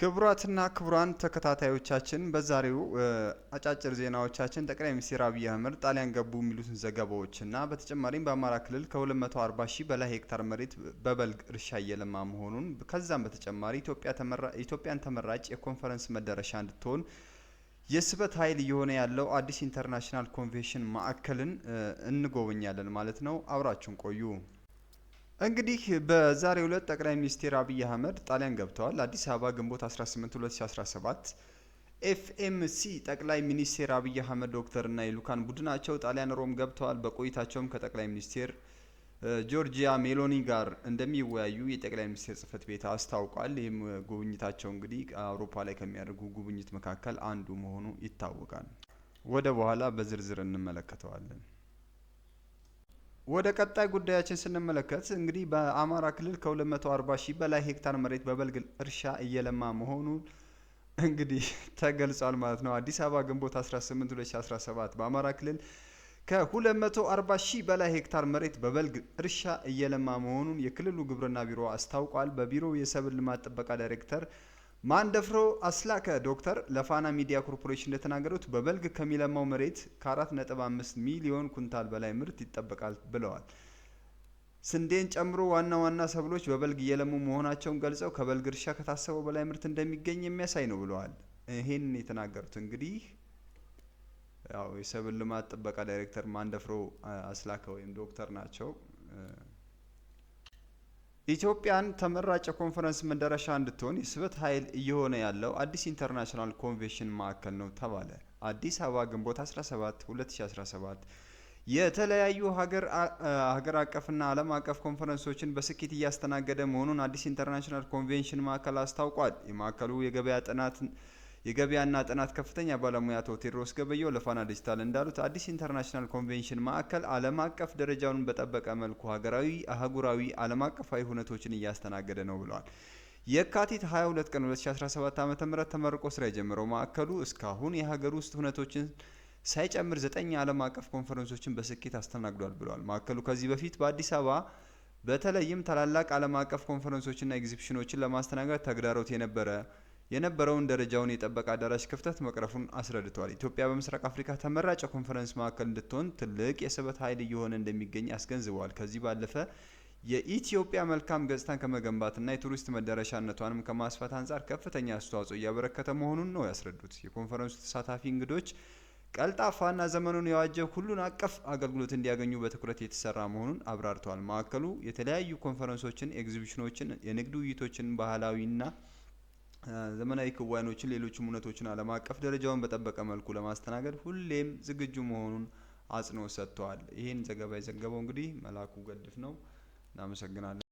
ክቡራትና ክቡራን ተከታታዮቻችን በዛሬው አጫጭር ዜናዎቻችን ጠቅላይ ሚኒስትር አብይ አህመድ ጣሊያን ገቡ የሚሉትን ዘገባዎችና በተጨማሪም በአማራ ክልል ከ240 ሺህ በላይ ሄክታር መሬት በበልግ እርሻ እየለማ መሆኑን ከዛም በተጨማሪ ኢትዮጵያን ተመራጭ የኮንፈረንስ መዳረሻ እንድትሆን የስበት ኃይል እየሆነ ያለው አዲስ ኢንተርናሽናል ኮንቬንሽን ማዕከልን እንጎበኛለን ማለት ነው። አብራችሁን ቆዩ። እንግዲህ በዛሬ ሁለት ጠቅላይ ሚኒስትር አብይ አህመድ ጣሊያን ገብተዋል። አዲስ አበባ ግንቦት 18 2017 ኤፍኤምሲ ጠቅላይ ሚኒስትር አብይ አህመድ እና ሉካን ቡድናቸው ጣሊያን ሮም ገብተዋል። በቆይታቸውም ከጠቅላይ ሚኒስትር ጆርጂያ ሜሎኒ ጋር እንደሚወያዩ የጠቅላይ ሚኒስትር ጽህፈት ቤት አስታውቋል። ይህም ጉብኝታቸው እንግዲህ አውሮፓ ላይ ከሚያደርጉ ጉብኝት መካከል አንዱ መሆኑ ይታወቃል። ወደ በኋላ በዝርዝር እንመለከተዋለን። ወደ ቀጣይ ጉዳያችን ስንመለከት እንግዲህ በአማራ ክልል ከ240 ሺህ በላይ ሄክታር መሬት በበልግ እርሻ እየለማ መሆኑን እንግዲህ ተገልጿል ማለት ነው። አዲስ አበባ ግንቦት 18 2017 በአማራ ክልል ከ240 ሺህ በላይ ሄክታር መሬት በበልግ እርሻ እየለማ መሆኑን የክልሉ ግብርና ቢሮ አስታውቋል። በቢሮው የሰብል ልማት ጥበቃ ዳይሬክተር ማን ደፍሮ አስላከ ዶክተር ለፋና ሚዲያ ኮርፖሬሽን እንደተናገሩት በበልግ ከሚለማው መሬት ከ4.5 ሚሊዮን ኩንታል በላይ ምርት ይጠበቃል ብለዋል። ስንዴን ጨምሮ ዋና ዋና ሰብሎች በበልግ እየለሙ መሆናቸውን ገልጸው ከበልግ እርሻ ከታሰበው በላይ ምርት እንደሚገኝ የሚያሳይ ነው ብለዋል። ይሄን የተናገሩት እንግዲህ ያው የሰብል ልማት ጥበቃ ዳይሬክተር ማንደፍሮ አስላከ ወይም ዶክተር ናቸው። ኢትዮጵያን ተመራጭ የኮንፈረንስ መዳረሻ እንድትሆን የስበት ኃይል እየሆነ ያለው አዲስ ኢንተርናሽናል ኮንቬንሽን ማዕከል ነው ተባለ። አዲስ አበባ ግንቦት 17 2017 የተለያዩ ሀገር አቀፍና ዓለም አቀፍ ኮንፈረንሶችን በስኬት እያስተናገደ መሆኑን አዲስ ኢንተርናሽናል ኮንቬንሽን ማዕከል አስታውቋል። የማዕከሉ የገበያ ጥናት የገበያና ጥናት ከፍተኛ ባለሙያ አቶ ቴዎድሮስ ገበየው ለፋና ዲጂታል እንዳሉት አዲስ ኢንተርናሽናል ኮንቬንሽን ማዕከል ዓለም አቀፍ ደረጃውን በጠበቀ መልኩ ሀገራዊ፣ አህጉራዊ፣ ዓለም አቀፋዊ ሁነቶችን እያስተናገደ ነው ብለዋል። የካቲት 22 ቀን 2017 ዓ.ም ተመርቆ ስራ የጀመረው ማዕከሉ እስካሁን የሀገር ውስጥ ሁነቶችን ሳይጨምር ዘጠኝ ዓለም አቀፍ ኮንፈረንሶችን በስኬት አስተናግዷል ብለዋል። ማዕከሉ ከዚህ በፊት በአዲስ አበባ በተለይም ታላላቅ ዓለም አቀፍ ኮንፈረንሶችና ኤግዚቢሽኖችን ለማስተናገድ ተግዳሮት የነበረ የነበረውን ደረጃውን የጠበቀ አዳራሽ ክፍተት መቅረፉን አስረድቷል። ኢትዮጵያ በምስራቅ አፍሪካ ተመራጭ ኮንፈረንስ ማዕከል እንድትሆን ትልቅ የስበት ኃይል እየሆነ እንደሚገኝ አስገንዝበዋል። ከዚህ ባለፈ የኢትዮጵያ መልካም ገጽታን ከመገንባትና የቱሪስት መዳረሻነቷንም ከማስፋት አንጻር ከፍተኛ አስተዋጽኦ እያበረከተ መሆኑን ነው ያስረዱት። የኮንፈረንሱ ተሳታፊ እንግዶች ቀልጣፋና ዘመኑን የዋጀ ሁሉን አቀፍ አገልግሎት እንዲያገኙ በትኩረት የተሰራ መሆኑን አብራርተዋል። ማዕከሉ የተለያዩ ኮንፈረንሶችን፣ ኤግዚቢሽኖችን፣ የንግድ ውይይቶችን ባህላዊና ዘመናዊ ክዋኔዎችን፣ ሌሎች እውነቶችን ዓለም አቀፍ ደረጃውን በጠበቀ መልኩ ለማስተናገድ ሁሌም ዝግጁ መሆኑን አጽንኦት ሰጥተዋል። ይህን ዘገባ የዘገበው እንግዲህ መላኩ ገድፍ ነው። እናመሰግናለን።